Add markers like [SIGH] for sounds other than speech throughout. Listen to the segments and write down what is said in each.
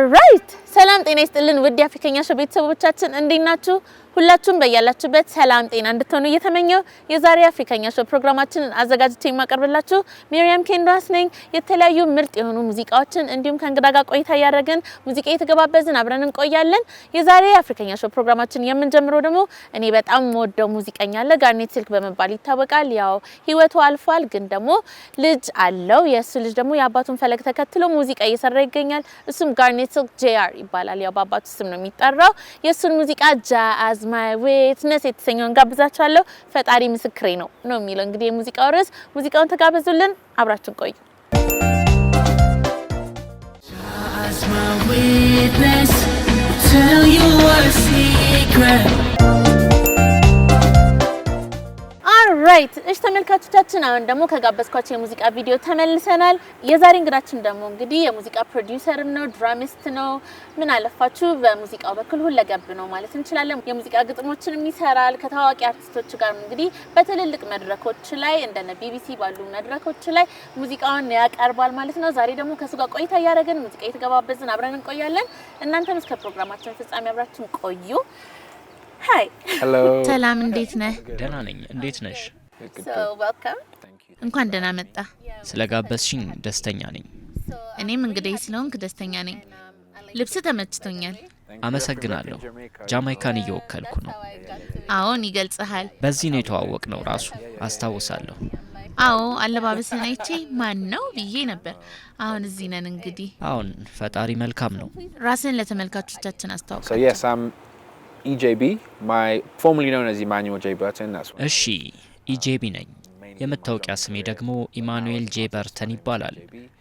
ኦልራይት ሰላም ጤና ይስጥልን ውድ የአፍሪከኛ ሾው ቤተሰቦቻችን እንዴት ናችሁ? ሁላችሁም በያላችሁበት ሰላም ጤና እንድትሆኑ እየተመኘው የዛሬ አፍሪካኛ ሾው ፕሮግራማችንን አዘጋጅቶ የማቀርብላችሁ ሚሪያም ኬንዳስ ነኝ። የተለያዩ ምርጥ የሆኑ ሙዚቃዎችን እንዲሁም ከእንግዳ ጋር ቆይታ እያደረግን ሙዚቃ የተገባበዝን አብረን እንቆያለን። የዛሬ አፍሪካኛ ሾው ፕሮግራማችን የምንጀምረው ደግሞ እኔ በጣም ወደው ሙዚቀኛ አለ ጋርኔት ስልክ በመባል ይታወቃል። ያው ህይወቱ አልፏል፣ ግን ደግሞ ልጅ አለው። የእሱ ልጅ ደግሞ የአባቱን ፈለግ ተከትሎ ሙዚቃ እየሰራ ይገኛል። እሱም ጋርኔት ስልክ ጄአር ይባላል። ያው በአባቱ ስም ነው የሚጠራው። የእሱን ሙዚቃ ጃዝ ኢዝ ማይ ዊትነስ የተሰኘውን ጋብዛችኋለሁ። ፈጣሪ ምስክሬ ነው ነው የሚለው እንግዲህ የሙዚቃው ርዕስ። ሙዚቃውን ተጋበዙልን፣ አብራችን ቆዩ። my witness tell you a secret ራይት እሺ ተመልካቾቻችን፣ አሁን ደግሞ ከጋበዝኳቸው የሙዚቃ ቪዲዮ ተመልሰናል። የዛሬ እንግዳችን ደግሞ እንግዲህ የሙዚቃ ፕሮዲውሰርም ነው፣ ድራሚስት ነው። ምን አለፋችሁ በሙዚቃው በኩል ሁለገብ ነው ማለት እንችላለን። የሙዚቃ ግጥሞችንም ይሰራል። ከታዋቂ አርቲስቶች ጋር እንግዲህ በትልልቅ መድረኮች ላይ እንደነ ቢቢሲ ባሉ መድረኮች ላይ ሙዚቃውን ያቀርባል ማለት ነው። ዛሬ ደግሞ ከእሱ ጋር ቆይታ እያደረግን ሙዚቃ እየተገባበዝን አብረን እንቆያለን። እናንተም እስከ ፕሮግራማችን ፍጻሜ አብራችን ቆዩ። ሰላም፣ እንዴት ነህ? ደህና ነኝ። እንዴት ነሽ? እንኳን ደህና መጣ። ስለ ጋበዝሽኝ ደስተኛ ነኝ። um, እኔም እንግዲህ ስለሆንክ ደስተኛ ነኝ። um, ልብስ ተመችቶኛል። አመሰግናለሁ። ጃማይካን uh, እየወከልኩ ነው። አዎን፣ ይገልጽሃል። በዚህ ነው የተዋወቅ ነው ራሱ አስታውሳለሁ። አዎ፣ አለባበስን አይቼ ማን ነው ብዬ ነበር። አሁን እዚህ ነን እንግዲህ። አሁን ፈጣሪ መልካም ነው። ራስን ለተመልካቾቻችን አስታውቃለሁ። e እሺ ኢጄቢ ነኝ። የመታወቂያ ስሜ ደግሞ ኢማኑኤል ጄ በርተን ይባላል።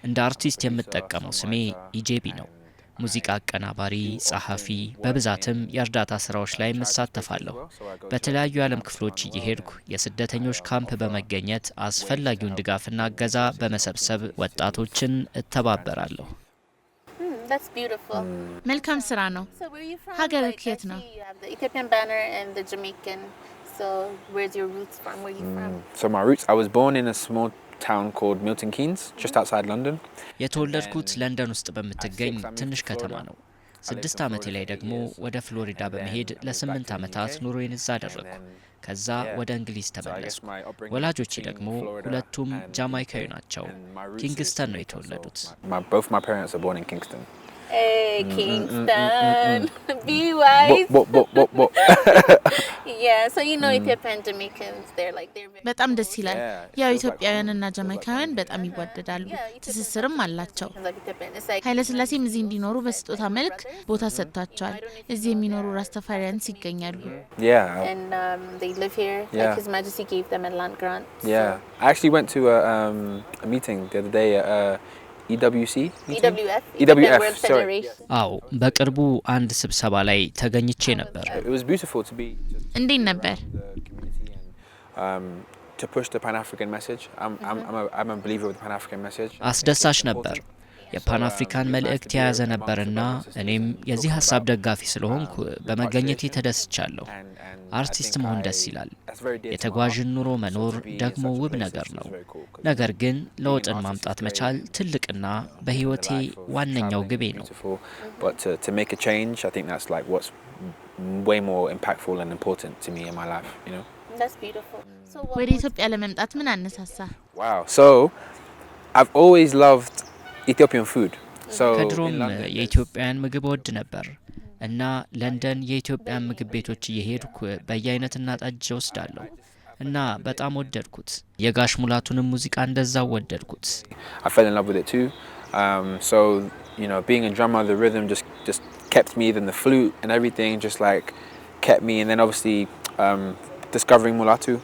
እንደ አርቲስት የምጠቀመው ስሜ ኢጄቢ ነው። ሙዚቃ አቀናባሪ፣ ጸሐፊ፣ በብዛትም የእርዳታ ስራዎች ላይ እሳተፋለሁ። በተለያዩ የዓለም ክፍሎች እየሄድኩ የስደተኞች ካምፕ በመገኘት አስፈላጊውን ድጋፍና እገዛ በመሰብሰብ ወጣቶችን እተባበራለሁ። መልካም ስራ ነው። ሀገር የት ነው? So, where's your roots from? Where you from? Mm, so, my roots, I was born in a small town called Milton Keynes, just mm-hmm. outside London. የተወለድኩት ለንደን ውስጥ በምትገኝ ትንሽ ከተማ ነው። ስድስት ዓመቴ ላይ ደግሞ ወደ ፍሎሪዳ በመሄድ ለስምንት ዓመታት ኑሮዬን እዛ አደረግኩ። ከዛ ወደ እንግሊዝ ተመለስኩ። ወላጆቼ ደግሞ ሁለቱም ጃማይካዊ ናቸው። ኪንግስተን ነው የተወለዱት። Uh, Kingston, be wise. በጣም ደስ ይላል። ያው ኢትዮጵያውያንና ጃማይካውያን በጣም ይዋደዳሉ፣ ትስስርም አላቸው። ኃይለስላሴም እዚህ እንዲኖሩ በስጦታ መልክ ቦታ ሰጥቷቸዋል። እዚህ የሚኖሩ ራስተፋሪያንስ ይገኛሉ። ያ E e e አዎ በቅርቡ አንድ ስብሰባ ላይ ተገኝቼ ነበር። እንዴት ነበር? Um, mm-hmm. አስደሳች ነበር። የፓን አፍሪካን መልእክት የያዘ ነበርና እኔም የዚህ ሀሳብ ደጋፊ ስለሆንኩ በመገኘቴ ተደስቻለሁ። አርቲስት መሆን ደስ ይላል። የተጓዥን ኑሮ መኖር ደግሞ ውብ ነገር ነው። ነገር ግን ለውጥን ማምጣት መቻል ትልቅና በህይወቴ ዋነኛው ግቤ ነው። ወደ ኢትዮጵያ ለመምጣት ምን አነሳሳ? ኢትዮጵያን ፉድ ከድሮም የኢትዮጵያን ምግብ ወድ ነበር እና ለንደን የኢትዮጵያን ምግብ ቤቶች እየሄድኩ በየአይነትና ጠጅ ወስዳለሁ እና በጣም ወደድኩት። የጋሽ ሙላቱንም ሙዚቃ እንደዛው ወደድኩት። ሙላቱ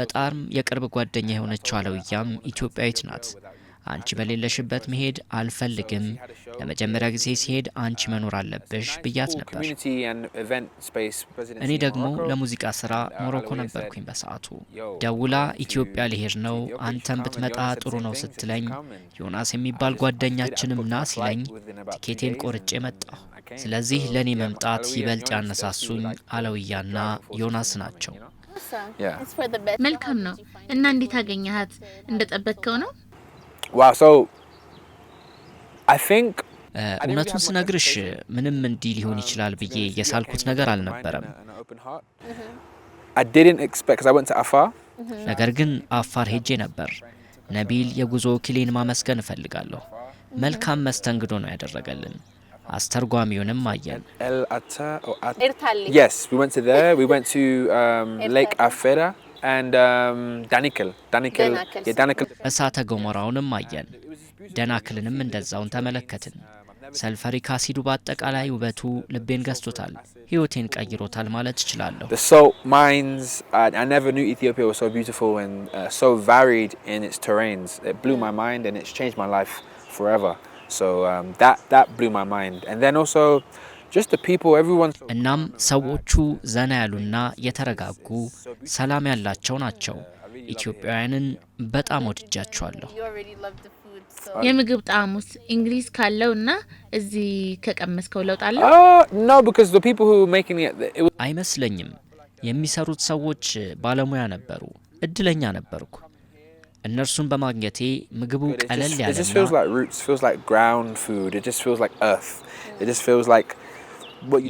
በጣም የቅርብ ጓደኛ የሆነችው አለውያም ኢትዮጵያዊት ናት። አንቺ በሌለሽበት መሄድ አልፈልግም። ለመጀመሪያ ጊዜ ሲሄድ አንቺ መኖር አለብሽ ብያት ነበር። እኔ ደግሞ ለሙዚቃ ስራ ሞሮኮ ነበርኩኝ በሰዓቱ። ደውላ ኢትዮጵያ ልሄድ ነው አንተን ብትመጣ ጥሩ ነው ስትለኝ፣ ዮናስ የሚባል ጓደኛችንም ና ሲለኝ ቲኬቴን ቆርጬ መጣሁ። ስለዚህ ለእኔ መምጣት ይበልጥ ያነሳሱኝ አለውያና ዮናስ ናቸው። መልካም ነው። እና እንዴት አገኘሃት? እንደጠበቅከው ነው? እውነቱን ስነግርሽ ምንም እንዲህ ሊሆን ይችላል ብዬ የሳልኩት ነገር አልነበረም። ነገር ግን አፋር ሄጄ ነበር። ነቢል የጉዞ ወኪሌን ማመስገን እፈልጋለሁ። መልካም መስተንግዶ ነው ያደረገልን። አስተርጓሚውንም አየን። እሳተ ገሞራውንም አየን። ደናክልንም እንደዛውን ተመለከትን። ሰልፈሪክ አሲዱ በአጠቃላይ ውበቱ ልቤን ገዝቶታል፣ ህይወቴን ቀይሮታል ማለት እችላለሁ። እናም ሰዎቹ ዘና ያሉና የተረጋጉ ሰላም ያላቸው ናቸው። ኢትዮጵያውያንን በጣም ወድጃቸዋለሁ። የምግብ ጣዕሙስ እንግሊዝ ካለው እና እዚህ ከቀመስከው ለውጥ አለ? Uh, አይመስለኝም። የሚሰሩት ሰዎች ባለሙያ ነበሩ። እድለኛ ነበርኩ። እነርሱን በማግኘቴ ምግቡ ቀለል ያለና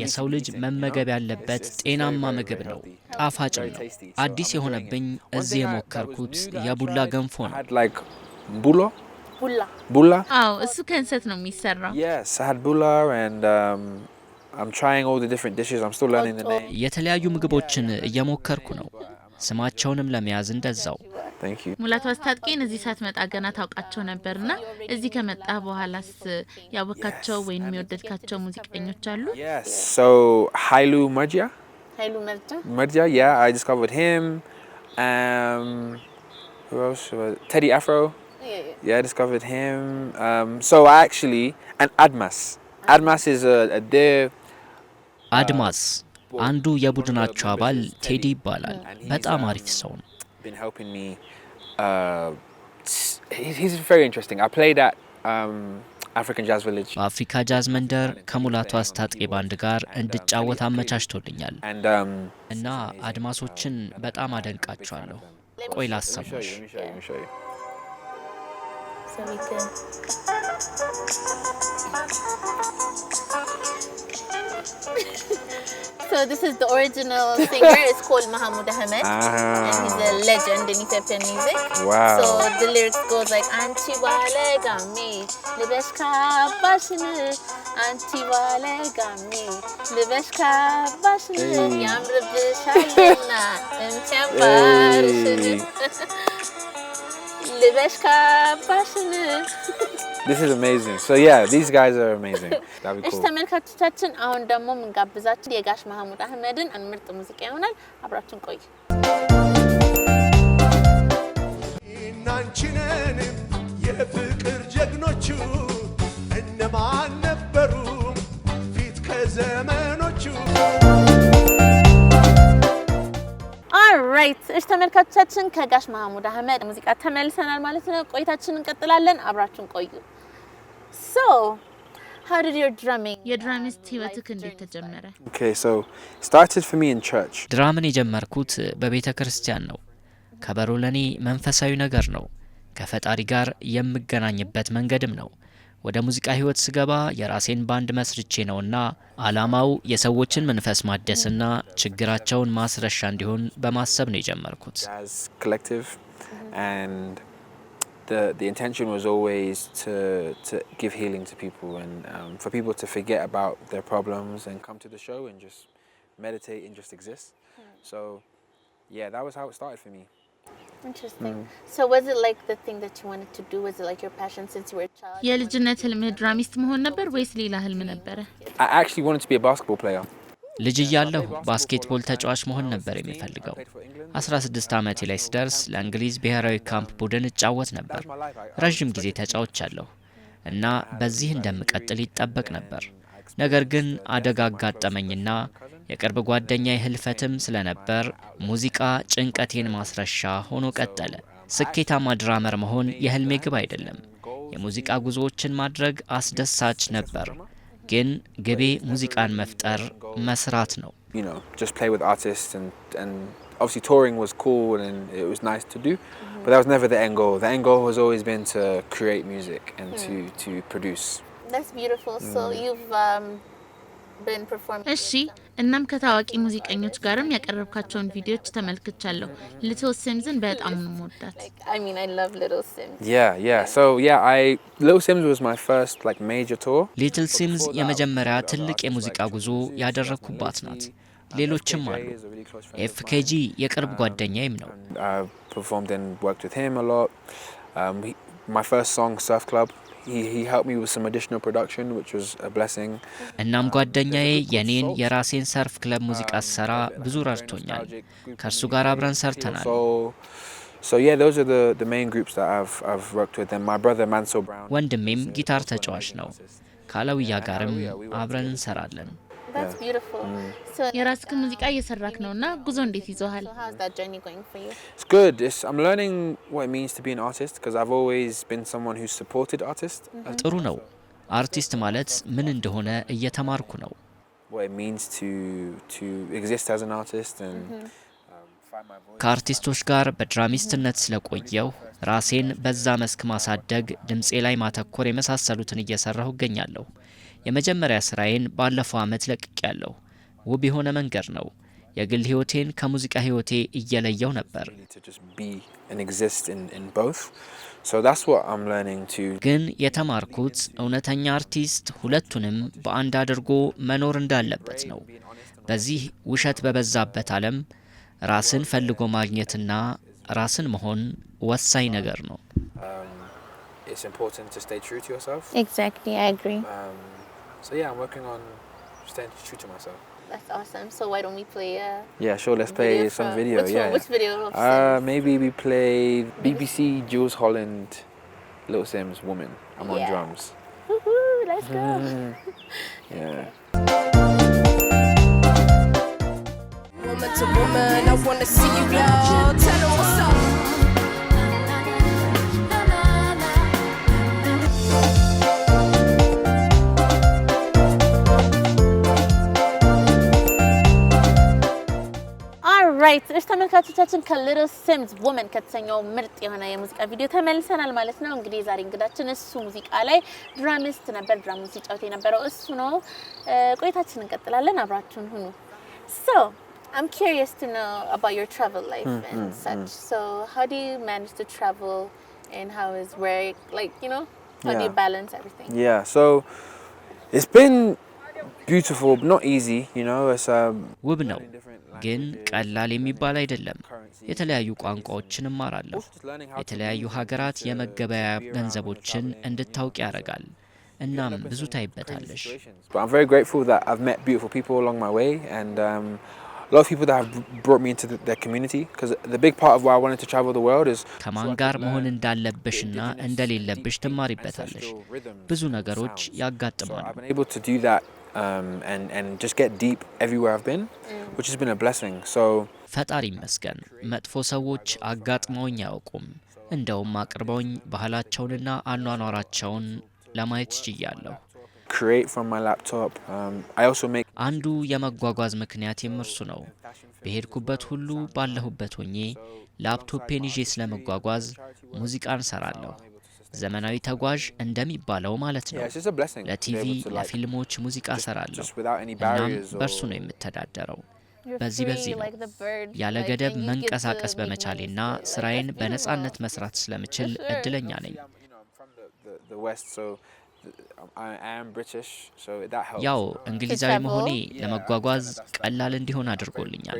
የሰው ልጅ መመገብ ያለበት ጤናማ ምግብ ነው። ጣፋጭም ነው። አዲስ የሆነብኝ እዚህ የሞከርኩት የቡላ ገንፎ ነው። ቡላ? አዎ፣ እሱ ከእንሰት ነው የሚሰራው። um, የተለያዩ ምግቦችን እየሞከርኩ ነው። ስማቸውንም ለመያዝ እንደዛው። ሙላቱ አስታጥቄን እዚህ ሳትመጣ ገና ታውቃቸው ነበርና እዚህ ከመጣ በኋላስ ያወካቸው ወይም የወደድካቸው ሙዚቀኞች አሉ? ሀይሉ መርጂያ ሀይሉ መርጂያ ያ አይ ዲስካቨርድ ሂም ቴዲ አፍሮ so I actually, ሂም Admas. Admas is a, a ኢዝ Uh, Admas. አንዱ የቡድናቸው አባል ቴዲ ይባላል። በጣም አሪፍ ሰው ነው። በአፍሪካ ጃዝ መንደር ከሙላቱ አስታጥቄ ባንድ ጋር እንድጫወት አመቻችቶልኛል እና አድማሶችን በጣም አደንቃቸዋለሁ። ቆይ ላሰማሽ። so this is the original singer. [LAUGHS] It's called Mahmoud Ahmed, ah. and he's a legend in Ethiopian music. Wow! So the lyrics goes like Anti wale gami, libeshka bashne. Anti wale gami, libeshka bashne. Yamre bishalina, emchamba. [LAUGHS] car ካባሽን This is amazing. So yeah, these guys are amazing. እሺ ተመልካቾቻችን፣ አሁን ደግሞ የምንጋብዛችሁ የጋሽ መሐሙድ አህመድን ምርጥ ሙዚቃ ይሆናል። አብራችን ቆይ እናንቺነን የፍቅር ጀግኖቹ እነማን ነበሩ ፊት ራይት እሽ ተመልካቾቻችን ከጋሽ መሀሙድ አህመድ ሙዚቃ ተመልሰናል ማለት ነው። ቆይታችንን እንቀጥላለን። አብራችን ቆዩ። ሶ how did your drumming የድራሚስት ህይወትህ እንዴት ተጀመረ? okay so started for me in church ድራምን የጀመርኩት በቤተ ክርስቲያን ነው። ከበሮ ለኔ መንፈሳዊ ነገር ነው። ከፈጣሪ ጋር የምገናኝበት መንገድም ነው። ወደ ሙዚቃ ህይወት ስገባ የራሴን ባንድ መስርቼ ነውና አላማው የሰዎችን መንፈስ ማደስና ችግራቸውን ማስረሻ እንዲሆን በማሰብ ነው የጀመርኩት። Yeah, that was how it started for me. የልጅነት ህልምህ ድራሚስት መሆን ነበር ወይስ ሌላ ህልም ነበረ? ልጅ እያለሁ ባስኬትቦል ተጫዋች መሆን ነበር የሚፈልገው። 16 ዓመቴ ላይ ስደርስ ለእንግሊዝ ብሔራዊ ካምፕ ቡድን እጫወት ነበር። ረዥም ጊዜ ተጫውቻለሁ እና በዚህ እንደምቀጥል ይጠበቅ ነበር። ነገር ግን አደጋ አጋጠመኝና የቅርብ ጓደኛዬ ህልፈትም ስለነበር ሙዚቃ ጭንቀቴን ማስረሻ ሆኖ ቀጠለ። ስኬታማ ድራመር መሆን የህልሜ ግብ አይደለም። የሙዚቃ ጉዞዎችን ማድረግ አስደሳች ነበር፣ ግን ግቤ ሙዚቃን መፍጠር፣ መስራት ነው። obviously touring was cool and it was nice to do mm-hmm. but that was never the end goal the end goal has always been to create music and mm. to, to produce that's beautiful mm. so you've um, been performing እናም ከታዋቂ ሙዚቀኞች ጋርም ያቀረብካቸውን ቪዲዮዎች ተመልክቻለሁ። ሊትል ሲምዝን በጣም ነው የምወዳት። ሊትል ሲምዝ የመጀመሪያ ትልቅ የሙዚቃ ጉዞ ያደረግኩባት ናት። ሌሎችም አሉ። ኤፍኬጂ የቅርብ um, ጓደኛዬም ነው። እናም um, ጓደኛዬ የኔን የራሴን ሰርፍ ክለብ um, ሙዚቃ ስሰራ ብዙ ረድቶኛል። ከእርሱ ጋር አብረን ሰርተናል። ወንድሜም ጊታር ተጫዋች ነው። ካለውያ uh, ጋርም አብረን እንሰራለን። Mm. የራስክን ሙዚቃ እየሰራክ ነው እና ጉዞ እንዴት ይዞሃል? Mm-hmm. ጥሩ ነው። አርቲስት ማለት ምን እንደሆነ እየተማርኩ ነው። ከአርቲስቶች ጋር በድራሚስትነት ስለቆየው ራሴን በዛ መስክ ማሳደግ፣ ድምፄ ላይ ማተኮር የመሳሰሉትን እየሰራሁ እገኛለሁ። የመጀመሪያ ስራዬን ባለፈው አመት ለቅቅ ያለው ውብ የሆነ መንገድ ነው። የግል ህይወቴን ከሙዚቃ ህይወቴ እየለየው ነበር። ግን የተማርኩት እውነተኛ አርቲስት ሁለቱንም በአንድ አድርጎ መኖር እንዳለበት ነው። በዚህ ውሸት በበዛበት ዓለም ራስን ፈልጎ ማግኘትና ራስን መሆን ወሳኝ ነገር ነው። um, So yeah, I'm working on staying true to myself. That's awesome. So why don't we play? Uh, yeah, sure. Let's play video some video. Which yeah, one, Which video? Uh, maybe we play BBC Jules Holland, Little Sims, Woman. I'm yeah. on drums. Woohoo! Let's go. [LAUGHS] yeah. Woman to woman, I wanna see you, ራይት እሺ ተመልካቾቻችን ከሊትል ሲምስ ውመን ከተሰኘው ምርጥ የሆነ የሙዚቃ ቪዲዮ ተመልሰናል ማለት ነው። እንግዲህ የዛሬ እንግዳችን እሱ ሙዚቃ ላይ ድራሚስት ነበር፣ ድራሙን ሲጫወት የነበረው እሱ ነው። ቆይታችን እንቀጥላለን፣ አብራችሁን ሁኑ። ሶ I'm curious to know about your travel life hmm, hmm, and such. Hmm. So how do you manage to travel and how is work like, you know, how do you balance everything? Yeah. So it's been Um, ውብ ነው፣ ግን ቀላል የሚባል አይደለም። የተለያዩ ቋንቋዎችን እማራለሁ። የተለያዩ ሀገራት የመገበያያ ገንዘቦችን እንድታውቅ ያደርጋል። እናም ብዙ ታይበታለሽ። um, ከማን ጋር መሆን እንዳለብሽና እንደሌለብሽ ትማሪበታለሽ። ብዙ ነገሮች ያጋጥማሉ። Um, and, and just get deep everywhere I've been, mm. which has been a blessing. So ፈጣሪ ይመስገን መጥፎ ሰዎች አጋጥመውኝ አያውቁም። እንደውም አቅርበውኝ ባህላቸውንና አኗኗራቸውን ለማየት ችያለሁ። um, አንዱ የመጓጓዝ ምክንያት እርሱ ነው። በሄድኩበት ሁሉ ባለሁበት ሆኜ ላፕቶፔን ይዤ ስለመጓጓዝ ሙዚቃን ሰራለሁ። ዘመናዊ ተጓዥ እንደሚባለው ማለት ነው። ለቲቪ ለፊልሞች ሙዚቃ ሰራለሁ። እናም በእርሱ ነው የምተዳደረው። በዚህ በዚህ ነው ያለ ገደብ መንቀሳቀስ በመቻሌና ስራዬን [LAUGHS] በነጻነት መስራት ስለምችል እድለኛ ነኝ። ያው እንግሊዛዊ መሆኔ ለመጓጓዝ ቀላል እንዲሆን አድርጎልኛል።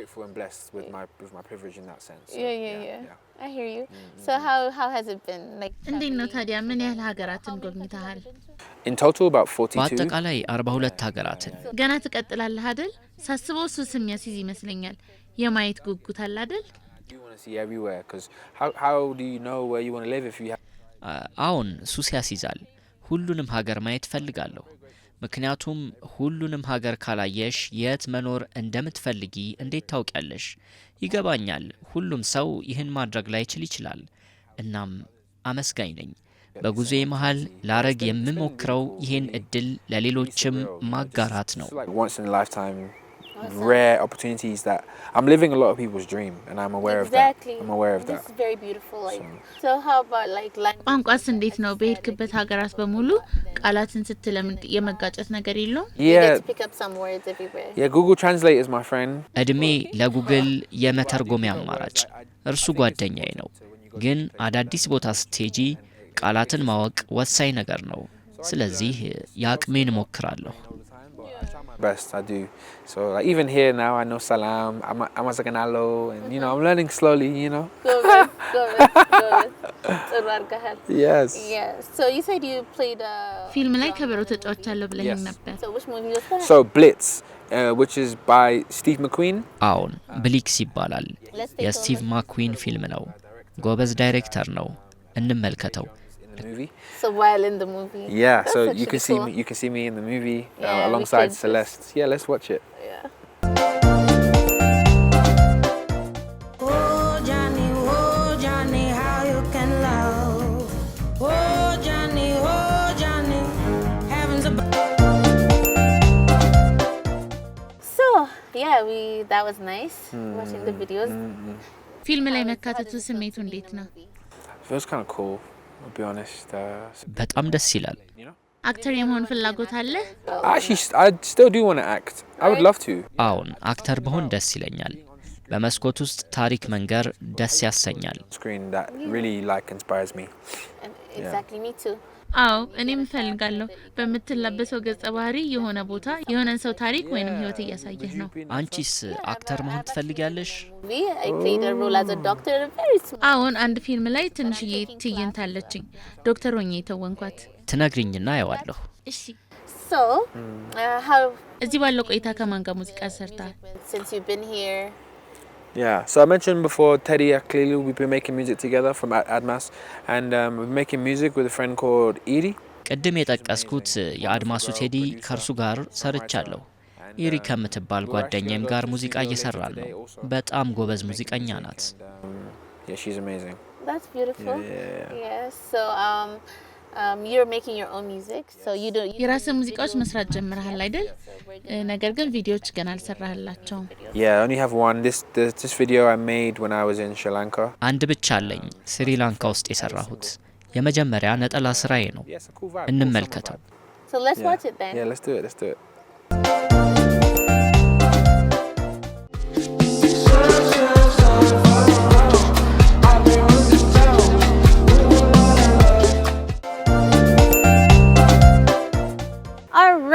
እንዴት ነው ታዲያ? ምን ያህል ሀገራትን ጎብኝተሃል? በአጠቃላይ አርባ ሁለት ሀገራትን። ገና ትቀጥላለህ አደል? ሳስበው ሱስ የሚያስይዝ ይመስለኛል። የማየት ጉጉት አለ አሁን አዎን፣ ሱስ ያስይዛል። ሁሉንም ሀገር ማየት ፈልጋለሁ። ምክንያቱም ሁሉንም ሀገር ካላየሽ የት መኖር እንደምትፈልጊ እንዴት ታውቂያለሽ? ይገባኛል። ሁሉም ሰው ይህን ማድረግ ላይችል ይችላል። እናም አመስጋኝ ነኝ። በጉዞዬ መሀል ላረግ የምሞክረው ይህን እድል ለሌሎችም ማጋራት ነው። awesome. rare opportunities that I'm living a lot of people's dream and I'm aware exactly. of that. I'm aware of this that. This is very beautiful like. So, so how about like language? ቋንቋስ እንዴት ነው? በሄድክበት ሀገራት በሙሉ ቃላትን ስትለምድ የመጋጨት ነገር የለውም? Yeah. Yeah, Google Translate is my friend. እድሜ ለጉግል የመተርጎሚያ አማራጭ እርሱ ጓደኛዬ ነው። ግን አዳዲስ ቦታ ስትሄጂ ቃላትን ማወቅ ወሳኝ ነገር ነው። ስለዚህ የአቅሜን እሞክራለሁ። best. I do. So like even here now, I know Salam, I'm Amazaganalo, and you know I'm learning slowly. You know. Good, good, good. yes. Yes. So you said you played. a. Film like Kabero ተጫውቻለሁ ብለኸኝ ነበር። So Blitz. አዎን ብሊክስ ይባላል። የስቲቭ ማክዊን ፊልም ነው። ጎበዝ ዳይሬክተር ነው። እንመልከተው። the movie. So while in the movie. Yeah, That's so you can see me. You can see me in the movie uh, yeah, uh, alongside Celeste. Just... Yeah, let's watch it. Yeah. ያ ዊ ዳት ዋዝ ናይስ ዋቺንግ ዘ ቪዲዮስ ፊልም ላይ መካተቱ ስሜቱ እንዴት ነው? በጣም ደስ ይላል። አክተር የመሆን ፍላጎት አለ? አሁን አክተር በሆን ደስ ይለኛል። በመስኮት ውስጥ ታሪክ መንገር ደስ ያሰኛል። አዎ እኔም እፈልጋለሁ። በምትላበሰው ገጸ ባህሪ የሆነ ቦታ የሆነን ሰው ታሪክ ወይንም ህይወት እያሳየህ ነው። አንቺስ አክተር መሆን ትፈልጊያለሽ? አሁን አንድ ፊልም ላይ ትንሽዬ ትዕይንት አለችኝ። ዶክተር ሆኜ የተወንኳት ትነግሪኝና ያዋለሁ። እሺ uh, እዚህ ባለው ቆይታ ከማን ጋር ሙዚቃ ሰርታል? Yeah, so I mentioned before Teddy clearly we've been making music together from Admas, and um, we've been making music with a friend called Edie. ቅድም የጠቀስኩት የአድማሱ ቴዲ ከእርሱ ጋር ሰርቻለሁ። ኢሪ ከምትባል ጓደኛም ጋር ሙዚቃ እየሰራን ነው። በጣም ጎበዝ ሙዚቀኛ ናት። Um, የራስህ ሙዚቃዎች መስራት ጀምረሃል አይደል? Uh, ነገር ግን ቪዲዮዎች ገና አልሰራህላቸውም። አንድ ብቻ አለኝ፣ ስሪላንካ ውስጥ የሰራሁት የመጀመሪያ ነጠላ ስራዬ ነው። እንመልከተው።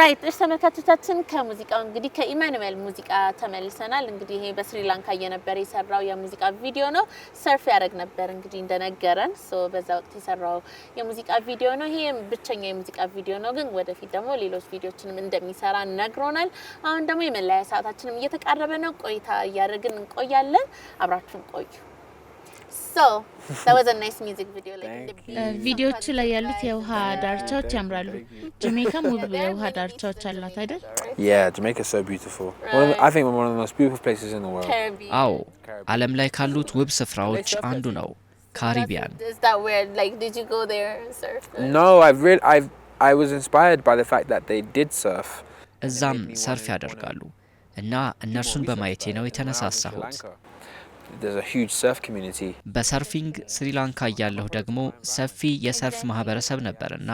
ራይት እሽ ተመልካቾቻችን ከሙዚቃው እንግዲህ ከኢማኑኤል ሙዚቃ ተመልሰናል። እንግዲህ ይሄ በስሪላንካ እየነበረ የሰራው የሙዚቃ ቪዲዮ ነው። ሰርፍ ያደረግ ነበር እንግዲህ እንደነገረን በዛ ወቅት የሰራው የሙዚቃ ቪዲዮ ነው። ይሄ ብቸኛ የሙዚቃ ቪዲዮ ነው፣ ግን ወደፊት ደግሞ ሌሎች ቪዲዮችንም እንደሚሰራ ነግሮናል። አሁን ደግሞ የመለያ ሰዓታችንም እየተቃረበ ነው። ቆይታ እያደረግን እንቆያለን። አብራችሁን ቆዩ። ቪዲዮቹ ላይ ያሉት የውሃ ዳርቻዎች ያምራሉ። ጀሜካም ውብ የውሃ ዳርቻዎች አሏት አይደል? አዎ፣ ዓለም ላይ ካሉት ውብ ስፍራዎች አንዱ ነው ካሪቢያን። እዛም ሰርፍ ያደርጋሉ እና እነርሱን በማየቴ ነው የተነሳሳሁት። በሰርፊንግ ስሪላንካ እያለሁ ደግሞ ሰፊ የሰርፍ ማህበረሰብ ነበርና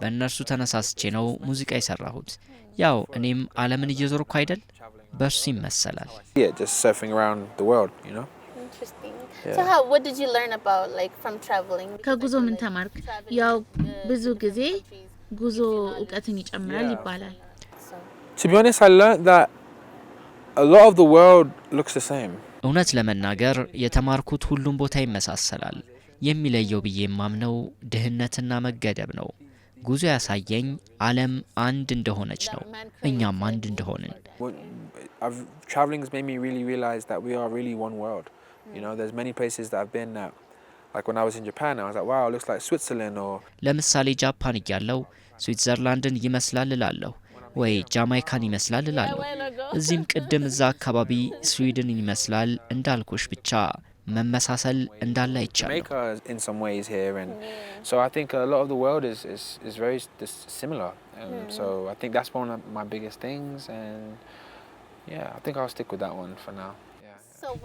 በእነርሱ ተነሳስቼ ነው ሙዚቃ የሰራሁት። ያው እኔም ዓለምን እየዞርኩ አይደል? በእርሱ ይመሰላል። ከጉዞ ምን ተማርክ? ያው ብዙ ጊዜ ጉዞ እውቀትን ይጨምራል ይባላል። to be honest, I learned that a lot of the world looks the same. እውነት ለመናገር የተማርኩት ሁሉም ቦታ ይመሳሰላል። የሚለየው ብዬ የማምነው ድህነትና መገደብ ነው። ጉዞ ያሳየኝ ዓለም አንድ እንደሆነች ነው፣ እኛም አንድ እንደሆንን። ለምሳሌ ጃፓን እያለው ስዊትዘርላንድን ይመስላል እላለሁ። ወይ ጃማይካን ይመስላል እላለሁ። እዚህም ቅድም እዛ አካባቢ ስዊድንን ይመስላል እንዳልኩሽ ብቻ መመሳሰል እንዳለ አይቻለሁ።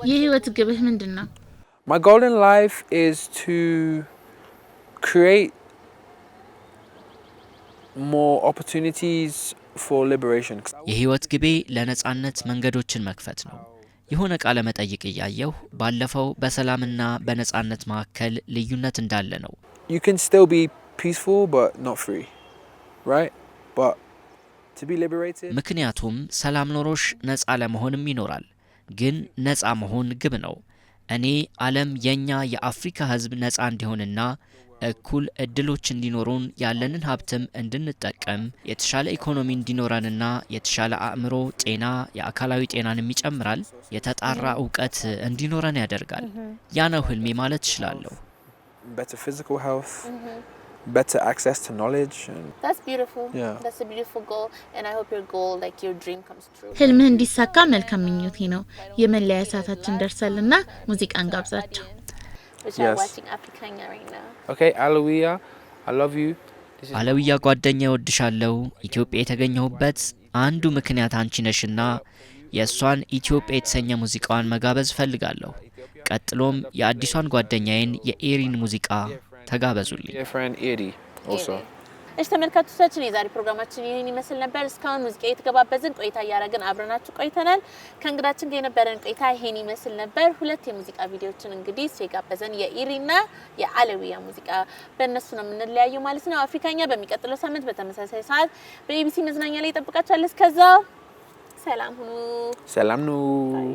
የህይወት ግብህ ምንድን ነው? My goal in life is to create more opportunities የህይወት ግቤ ለነጻነት መንገዶችን መክፈት ነው። የሆነ ቃለ መጠይቅ እያየሁ ባለፈው በሰላምና በነጻነት መካከል ልዩነት እንዳለ ነው። ምክንያቱም ሰላም ኖሮሽ ነጻ ለመሆንም ይኖራል፣ ግን ነጻ መሆን ግብ ነው። እኔ ዓለም የእኛ የአፍሪካ ህዝብ ነጻ እንዲሆንና እኩል እድሎች እንዲኖሩን ያለንን ሀብትም እንድንጠቀም የተሻለ ኢኮኖሚ እንዲኖረንና የተሻለ አእምሮ፣ ጤና፣ የአካላዊ ጤናንም ይጨምራል። የተጣራ እውቀት እንዲኖረን ያደርጋል። ያ ነው ህልሜ ማለት እችላለሁ። ህልምህ እንዲሳካ መልካም ምኞቴ ነው። የመለያ ሰዓታችን ደርሳልና ሙዚቃን ጋብዛቸው። which yes. are watching Africana right now. Okay, Aloia, I love you. አለውያ ጓደኛ እወድሻለሁ። ኢትዮጵያ የተገኘሁበት አንዱ ምክንያት አንቺ ነሽና የእሷን ኢትዮጵያ የተሰኘ ሙዚቃዋን መጋበዝ ፈልጋለሁ። ቀጥሎም የአዲሷን ጓደኛዬን የኤሪን ሙዚቃ ተጋበዙልኝ። እሺ ተመልካቾቻችን የዛሬ ፕሮግራማችን ይህን ይመስል ነበር። እስካሁን ሙዚቃ የተገባበዝን ቆይታ እያደረግን አብረናችሁ ቆይተናል። ከእንግዳችን ጋር የነበረን ቆይታ ይሄን ይመስል ነበር። ሁለት የሙዚቃ ቪዲዮችን እንግዲህ እሱ የጋበዘን የኢሪና የአለዊያ ሙዚቃ በእነሱ ነው የምንለያየው ማለት ነው። አፍሪካኛ በሚቀጥለው ሳምንት በተመሳሳይ ሰዓት በኢቢሲ መዝናኛ ላይ ይጠብቃችኋል። እስከዛው ሰላም ሁኑ። ሰላም ኑ።